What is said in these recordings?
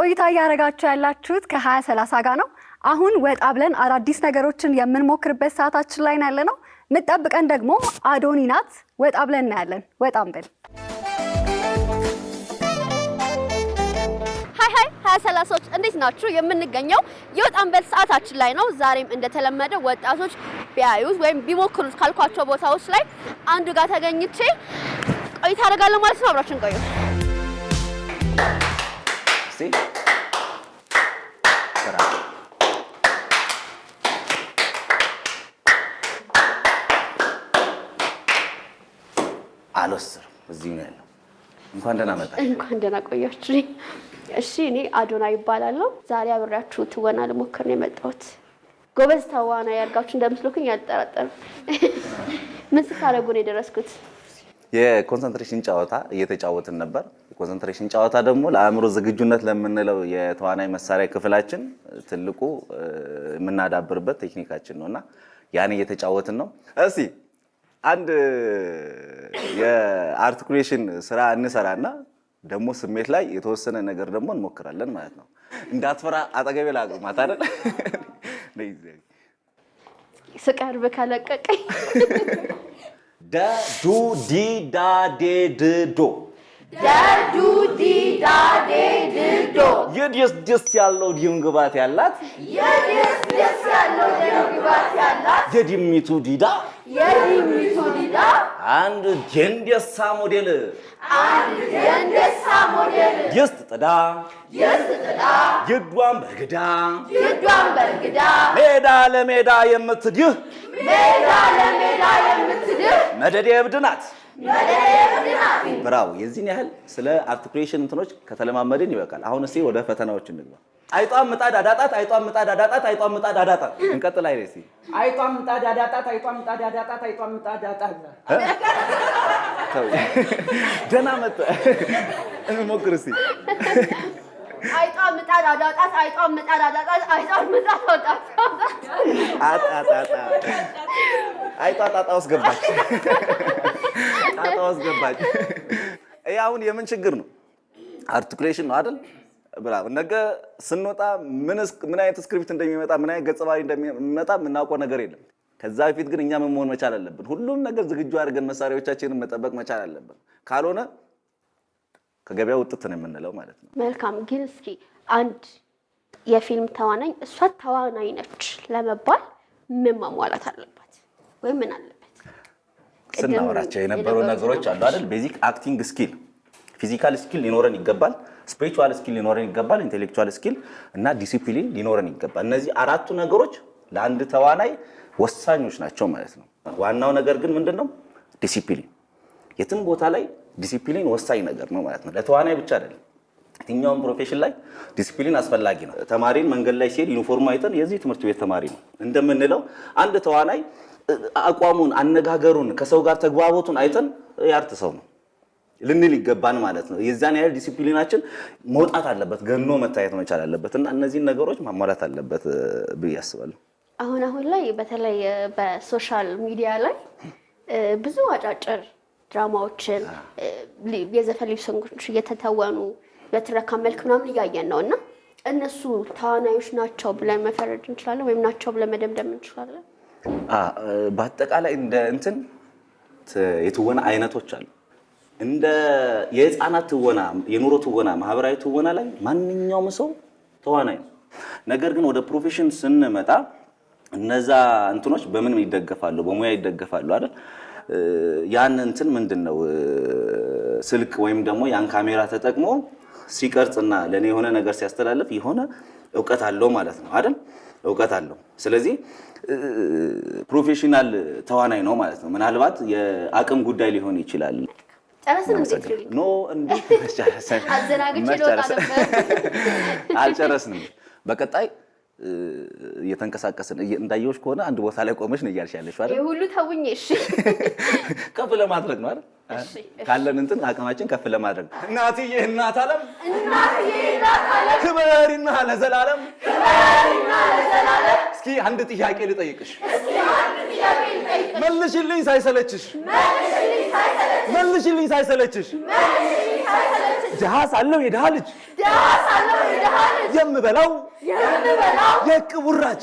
ቆይታ እያደረጋችሁ ያላችሁት ከ ሰላሳ ጋር ነው። አሁን ወጣ ብለን አዳዲስ ነገሮችን የምንሞክርበት ሰዓታችን ላይ ያለ ነው። ምጠብቀን ደግሞ አዶኒ ናት። ወጣ ብለን እናያለን። ወጣም ብል ሀያ ሰላሳዎች እንዴት ናችሁ? የምንገኘው የወጣም በል ሰዓታችን ላይ ነው። ዛሬም እንደተለመደ ወጣቶች ቢያዩት ወይም ቢሞክሩት ካልኳቸው ቦታዎች ላይ አንዱ ጋር ተገኝቼ ቆይታ አደርጋለሁ ማለት ነው። አብራችን ቆዩ። አልወስርም። እዚህ ነው ያለው። እንኳን ደህና እንኳን ደህና ቆያችሁ። እሺ፣ እኔ አዶና ይባላለሁ። ዛሬ አብሬያችሁ ትወና ልሞክር ነው የመጣሁት። ጎበዝ ተዋና ያርጋችሁ እንደምትልኩኝ አልጠራጠርም። ምን ስታደርጉ ነው የደረስኩት? የኮንሰንትሬሽን ጨዋታ እየተጫወትን ነበር። የኮንሰንትሬሽን ጨዋታ ደግሞ ለአእምሮ ዝግጁነት ለምንለው የተዋናይ መሳሪያ ክፍላችን ትልቁ የምናዳብርበት ቴክኒካችን ነው እና ያን እየተጫወትን ነው እስኪ አንድ የአርቲኩሌሽን ስራ እንሰራና ደግሞ ስሜት ላይ የተወሰነ ነገር ደግሞ እንሞክራለን ማለት ነው። እንዳትፈራ አጠገቤ ላቅማት አይደል ስቀርብ ከለቀቀኝ ደ ዱ ዲ ዳ ዴ ድ ዶ ደዱ ዲዳዴ ድዶ የደስ ደስ ያለው ደም ግባት ያላት የደስ ደስ ያለው ደም ግባት ያላት የዲሚቱ ዲዳ የዲሚቱ ዲዳ አንድ ጀንደሳ ሞዴል አንድ ጀንደሳ ሞዴል የስት ጥዳ የስት ጥዳ የዷን በግዳ የዷን በግዳ ሜዳ ለሜዳ የምትድህ ሜዳ ለሜዳ የምትድህ መደዴ እብድ ናት ብራው የዚህን ያህል ስለ አርቲኩሌሽን እንትኖች ከተለማመድን ይበቃል። አሁን እስኪ ወደ ፈተናዎች እንግባ። አይጧም ምጣድ አዳጣት፣ አይጧም ምጣድ አዳጣት፣ አይጧም ምጣድ አዳጣት። እንቀጥል። አይ እስኪ አይጧም ምጣድ አዳጣት፣ አይጧም ምጣድ አዳጣት፣ አይጧም ምጣድ አዳጣት። ደህና መጣህ። እንሞክር እስኪ አይጧም ምጣድ አዳጣት፣ አይጧም ምጣድ አዳጣት፣ አይጧም ምጣድ አዳጣት አይጧ ጣጣ ውስጥ ገባች፣ ጣጣ ውስጥ ገባች። ይሄ አሁን የምን ችግር ነው? አርቲኩሌሽን ነው አይደል? ብላ ነገ ስንወጣ ምን አይነት ስክሪፕት እንደሚመጣ ምን አይነት ገጸ ባህሪ እንደሚመጣ የምናውቀው ነገር የለም። ከዛ በፊት ግን እኛ ምን መሆን መቻል አለብን? ሁሉም ነገር ዝግጁ አድርገን መሳሪያዎቻችንን መጠበቅ መቻል አለብን። ካልሆነ ከገበያ ውጥት ነው የምንለው ማለት ነው። መልካም ግን እስኪ አንድ የፊልም ተዋናኝ እሷ ተዋናኝ ነች ለመባል ምን ማሟላት አለብን? ወይም ምን አለበት ስናወራቸው የነበሩ ነገሮች አሉ አይደል? ቤዚክ አክቲንግ ስኪል፣ ፊዚካል ስኪል ሊኖረን ይገባል። ስፒሪቹዋል ስኪል ሊኖረን ይገባል። ኢንቴሌክቹዋል ስኪል እና ዲሲፕሊን ሊኖረን ይገባል። እነዚህ አራቱ ነገሮች ለአንድ ተዋናይ ወሳኞች ናቸው ማለት ነው። ዋናው ነገር ግን ምንድን ነው? ዲሲፕሊን። የትም ቦታ ላይ ዲሲፕሊን ወሳኝ ነገር ነው ማለት ነው። ለተዋናይ ብቻ አይደለም፣ የትኛውም ፕሮፌሽን ላይ ዲሲፕሊን አስፈላጊ ነው። ተማሪን መንገድ ላይ ሲሄድ ዩኒፎርም አይተን የዚህ ትምህርት ቤት ተማሪ ነው እንደምንለው አንድ ተዋናይ አቋሙን፣ አነጋገሩን፣ ከሰው ጋር ተግባቦቱን አይተን የአርት ሰው ነው ልንል ይገባን ማለት ነው። የዛን ያህል ዲሲፕሊናችን መውጣት አለበት፣ ገኖ መታየት መቻል አለበት እና እነዚህን ነገሮች ማሟላት አለበት ብዬ አስባለሁ። አሁን አሁን ላይ በተለይ በሶሻል ሚዲያ ላይ ብዙ አጫጭር ድራማዎችን የዘፈን ሊፕሲንኮች እየተተወኑ በትረካ መልክ ምናምን እያየን ነው እና እነሱ ተዋናዮች ናቸው ብለን መፈረድ እንችላለን ወይም ናቸው ብለን መደምደም እንችላለን? በአጠቃላይ እንደ እንትን የትወና አይነቶች አሉ። እንደ የህፃናት ትወና፣ የኑሮ ትወና፣ ማህበራዊ ትወና ላይ ማንኛውም ሰው ተዋናይ ነው። ነገር ግን ወደ ፕሮፌሽን ስንመጣ እነዛ እንትኖች በምን ይደገፋሉ? በሙያ ይደገፋሉ አይደል? ያን እንትን ምንድን ነው ስልክ ወይም ደግሞ ያን ካሜራ ተጠቅሞ ሲቀርጽና ለእኔ የሆነ ነገር ሲያስተላልፍ የሆነ እውቀት አለው ማለት ነው አይደል? እውቀት አለው። ስለዚህ ፕሮፌሽናል ተዋናይ ነው ማለት ነው። ምናልባት የአቅም ጉዳይ ሊሆን ይችላል። አልጨረስንም። በቀጣይ እየተንቀሳቀስን እንዳየሁሽ ከሆነ አንድ ቦታ ላይ ቆመሽ ነው እያልሽ ያለሽ ሁሉ ተውኝሽ ከፍ ለማድረግ ነው አይደል? ካለን እንትን አቅማችን ከፍ ለማድረግ እናትዬ እናት ዓለም ክበሪና ለዘላለም። እስኪ አንድ ጥያቄ ልጠይቅሽ፣ መልሽልኝ ሳይሰለችሽ፣ መልሽልኝ ሳይሰለችሽ። ድሃ ሳለው የድሃ ልጅ የምበላው የቅቡራጅ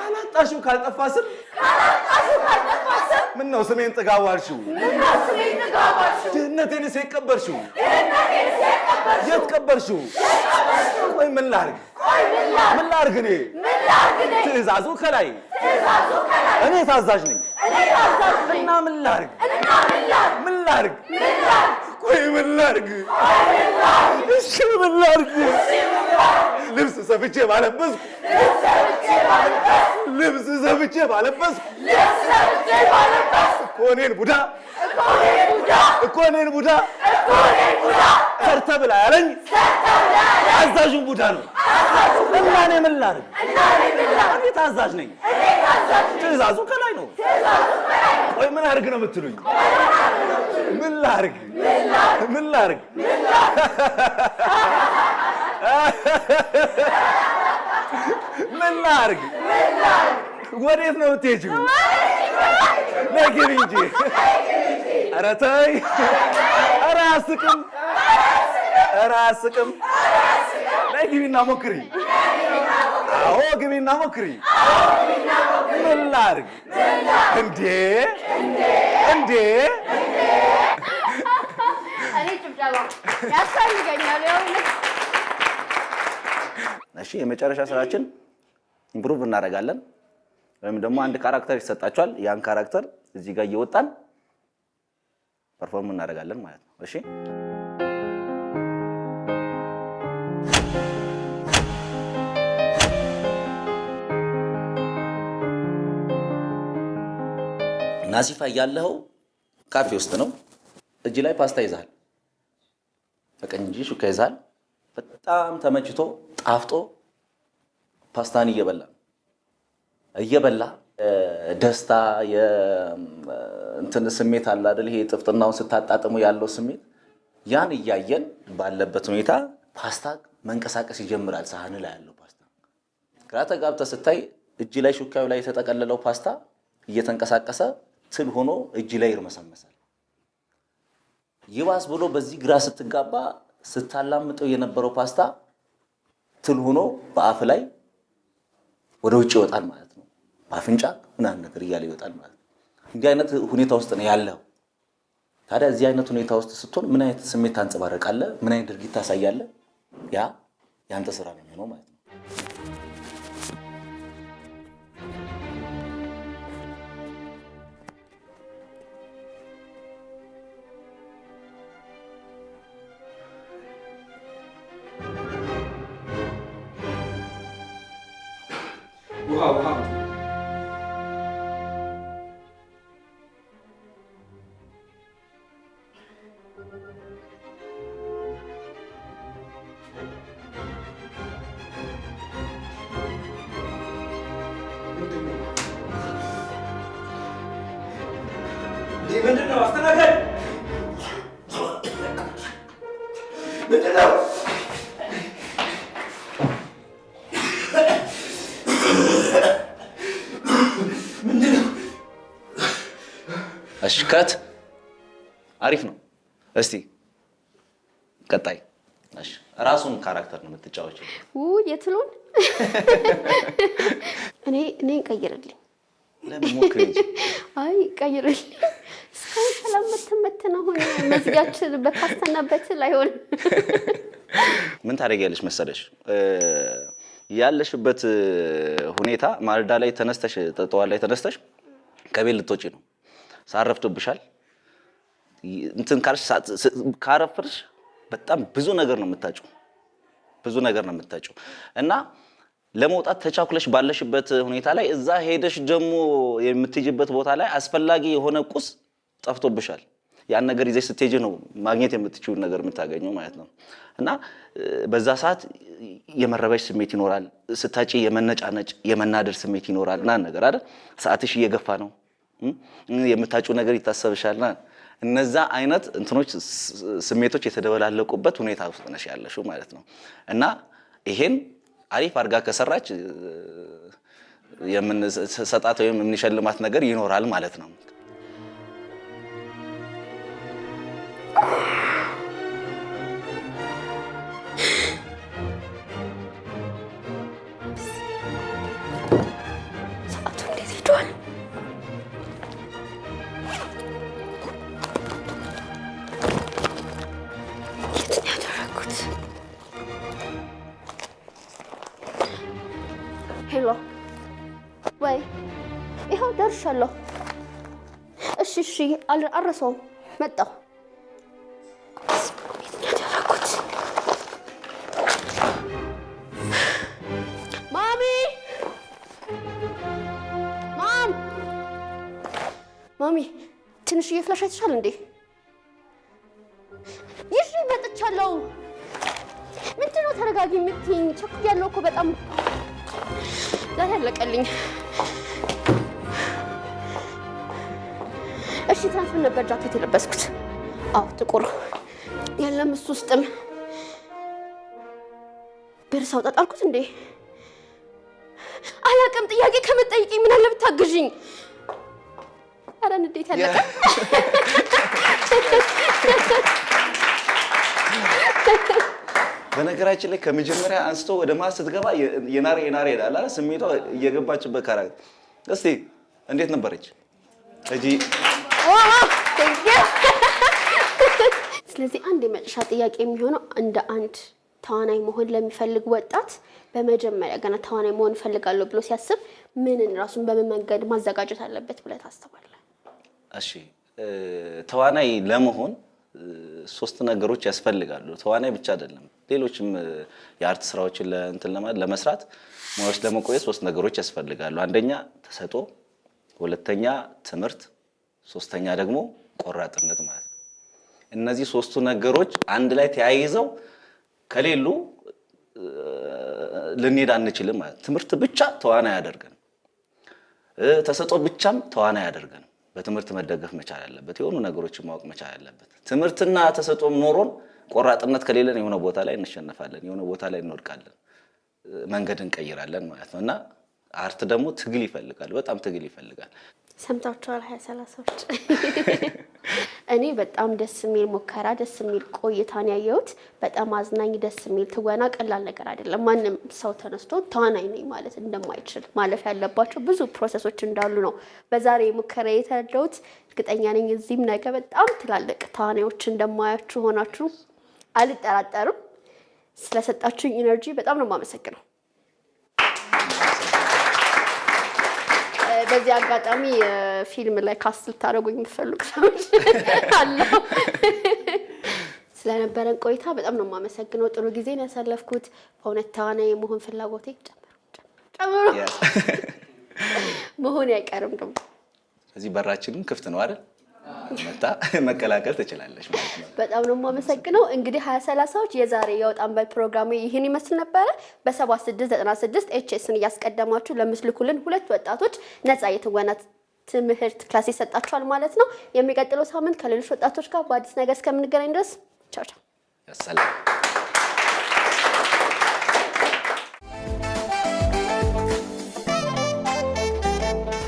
ካላጣሽው ካልጠፋ ስም ካላጣሽው ካልጠፋ ስም ምን ነው ስሜን ጥጋቡ ምን ነው ስሜን ጥጋቡ አልሽው? ድህነቴንስ ድህነቴን ድህነቴንስ የቀበርሽው የት ቀበርሽው? ቆይ ምን ላርግ ቆይ ምን ላርግ ምን ላርግ እኔ ምን ላርግ እኔ ትዕዛዙ ከላይ ትዕዛዙ ከላይ እኔ ታዛዥ ነኝ እኔ ታዛዥ ነኝ እና ምን ላርግ እና ምን ላርግ ምን ላርግ ምን ላርግ ቆይ ምን ላርግ ቆይ ምን ላርግ እሺ ምን ላርግ እሺ ምን ላርግ ልብስ ሰፍቼ ባለበስኩ ልብስ ሰፍቼ ባለበስኩ እኮ እኔን ቡዳ እኮ እኔን ቡዳ ሰርተ ብላ ያለኝ አዛዡን ቡዳ ነው እና እኔ ምን ላድርግ? እኔ ታዛዥ ነኝ። ትዕዛዙ ከላይ ነው። ቆይ ምን አድርግ ነው የምትሉኝ? ምን ላድርግ? ምን ላድርግ? ምን ላድርግ? ወዴት ነው የምትሄጂው? ነግሪ እንጂ። ኧረ ተይ። ኧረ አስቅም። ኧረ አስቅም። ነይ ግቢና ሞክሪ። አዎ ግቢና ሞክሪ። ምን ላድርግ እንዴ? እንዴ ያስፈልገኛል። እሺ የመጨረሻ ስራችን ኢምፕሩቭ እናደርጋለን ወይም ደግሞ አንድ ካራክተር ይሰጣቸዋል። ያን ካራክተር እዚህ ጋር እየወጣን ፐርፎርም እናደርጋለን ማለት ነው። እሺ ናሲፋ ያለኸው ካፌ ውስጥ ነው። እጅ ላይ ፓስታ ይዛል፣ በቀኝ እጅ ሹካ ይዛል በጣም ተመችቶ ጣፍጦ ፓስታን እየበላ እየበላ ደስታ የእንትን ስሜት አለ አይደል? ይሄ ጥፍጥናውን ስታጣጥሙ ያለው ስሜት ያን እያየን ባለበት ሁኔታ ፓስታ መንቀሳቀስ ይጀምራል። ሳህን ላይ ያለው ፓስታ ግራ ተጋብተህ ስታይ እጅ ላይ ሹካዩ ላይ የተጠቀለለው ፓስታ እየተንቀሳቀሰ ትል ሆኖ እጅ ላይ ይርመሰመሳል። ይባስ ብሎ በዚህ ግራ ስትጋባ ስታላምጠው የነበረው ፓስታ ትል ሆኖ በአፍ ላይ ወደ ውጭ ይወጣል ማለት ነው። በአፍንጫ ምናምን ነገር እያለ ይወጣል ማለት ነው። እንዲህ አይነት ሁኔታ ውስጥ ነው ያለው። ታዲያ እዚህ አይነት ሁኔታ ውስጥ ስትሆን ምን አይነት ስሜት ታንጸባረቃለህ? ምን አይነት ድርጊት ታሳያለህ? ያ ያንተ ስራ ነው የሚሆነው ማለት ነው። が分かるメンテナンスの中にメンテナンス እስቲ ቀጣይ ራሱን ካራክተር ነው የምትጫወች። የትሉን እኔ እኔን ቀይርልኝ አይ ቀይርልኝ። እስካሁን ስለምትመት ነው ሆነ መዝጊያችን በፓስታና በትል አይሆንም። ምን ታደርጊያለሽ መሰለሽ ያለሽበት ሁኔታ ማልዳ ላይ ተነስተሽ ጠዋት ላይ ተነስተሽ ከቤት ልትወጪ ነው፣ ሳረፍቶብሻል እንትን ካልሽ ካረፍርሽ በጣም ብዙ ነገር ነው የምታጩ ብዙ ነገር ነው የምታጩ እና ለመውጣት ተቻኩለሽ ባለሽበት ሁኔታ ላይ እዛ ሄደሽ ደግሞ የምትሄጅበት ቦታ ላይ አስፈላጊ የሆነ ቁስ ጠፍቶብሻል። ያን ነገር ይዘሽ ስትሄጂ ነው ማግኘት የምትችሉ ነገር የምታገኘው ማለት ነው እና በዛ ሰዓት የመረበሽ ስሜት ይኖራል። ስታጭ የመነጫነጭ የመናደር ስሜት ይኖራል። ና ነገር አይደል ሰዓትሽ እየገፋ ነው። የምታጩ ነገር ይታሰብሻል ና እነዛ አይነት እንትኖች ስሜቶች የተደበላለቁበት ሁኔታ ውስጥ ነሽ ያለሽው ማለት ነው እና ይሄን አሪፍ አድርጋ ከሰራች የምንሰጣት ወይም የምንሸልማት ነገር ይኖራል ማለት ነው። ደርሻለሁ። እሺ እሺ፣ አልረሳውም። መጣሁ። ማሚ ትንሽ እየፍላሽ አይተሻል እንዴ? ይሽ መጥቻለሁ። ምንድነው ተረጋጊ የምትይኝ? ቸኩያለሁ እኮ በጣም ዛሬ አለቀልኝ። እሺ ትናንት ምን ነበር ጃኬት የለበስኩት? አዎ ጥቁር የለም። እሱ ውስጥም በርሳው ጣጣልኩት እንዴ? አላቅም። ጥያቄ ከምትጠይቂኝ ምን አለ ብታግዥኝ። ኧረ እንዴት ያለቀ በነገራችን ላይ ከመጀመሪያ አንስቶ ወደ ማ ስትገባ የናሬ የናሬ ላላ ስሜቷ እየገባችበት ካራ እስቲ እንዴት ነበረች እጂ ስለዚህ አንድ የመጨረሻ ጥያቄ የሚሆነው እንደ አንድ ተዋናይ መሆን ለሚፈልግ ወጣት በመጀመሪያ ገና ተዋናይ መሆን እፈልጋለሁ ብሎ ሲያስብ ምንን ራሱን በምን መንገድ ማዘጋጀት አለበት ብለህ ታስባለህ? እሺ ተዋናይ ለመሆን ሶስት ነገሮች ያስፈልጋሉ። ተዋናይ ብቻ አይደለም፣ ሌሎችም የአርት ስራዎችን ለእንትን ለመስራት ሙያዎች ለመቆየት ሶስት ነገሮች ያስፈልጋሉ። አንደኛ ተሰጦ ሁለተኛ ትምህርት ሶስተኛ ደግሞ ቆራጥነት ማለት ነው። እነዚህ ሶስቱ ነገሮች አንድ ላይ ተያይዘው ከሌሉ ልንሄድ አንችልም ማለት ነው። ትምህርት ብቻ ተዋናይ ያደርገን፣ ተሰጦ ብቻም ተዋናይ ያደርገን። በትምህርት መደገፍ መቻል አለበት። የሆኑ ነገሮችን ማወቅ መቻል አለበት። ትምህርትና ተሰጦም ኖሮን ቆራጥነት ከሌለን የሆነ ቦታ ላይ እንሸነፋለን፣ የሆነ ቦታ ላይ እንወድቃለን፣ መንገድ እንቀይራለን ማለት ነው እና አርት ደግሞ ትግል ይፈልጋል። በጣም ትግል ይፈልጋል። ሰምታችኋል። ሀያ ሰላሳዎች እኔ በጣም ደስ የሚል ሙከራ፣ ደስ የሚል ቆይታን ያየሁት በጣም አዝናኝ፣ ደስ የሚል ትወና ቀላል ነገር አይደለም። ማንም ሰው ተነስቶ ተዋናኝ ነኝ ማለት እንደማይችል ማለፍ ያለባቸው ብዙ ፕሮሰሶች እንዳሉ ነው በዛሬ ሙከራ የተረዳሁት። እርግጠኛ ነኝ እዚህም ነገ በጣም ትላልቅ ተዋናዮች እንደማያችሁ ሆናችሁ አልጠራጠርም። ስለሰጣችሁኝ ኢነርጂ በጣም ነው የማመሰግነው። በዚህ አጋጣሚ ፊልም ላይ ካስት ልታደርጉኝ የምትፈልጉ ሰዎች አለው። ስለነበረን ቆይታ በጣም ነው የማመሰግነው። ጥሩ ጊዜ ነው ያሳለፍኩት። በእውነት ተዋናይ የመሆን ፍላጎቴ ጨምሮ መሆን አይቀርም። ደግሞ እዚህ በራችንም ክፍት ነው አይደል? መጣ መቀላቀል ትችላለች ማለት ነው። በጣም ነው የማመሰግነው። እንግዲህ ሀያ ሰላሳዎች የዛሬ የወጣንበት ፕሮግራም ይህን ይመስል ነበረ። በ7696 ኤችኤስን እያስቀደማችሁ ለምትልኩልን ሁለት ወጣቶች ነጻ የትወና ትምህርት ክላስ ይሰጣችኋል ማለት ነው። የሚቀጥለው ሳምንት ከሌሎች ወጣቶች ጋር በአዲስ ነገር እስከምንገናኝ ድረስ ቻው ቻው።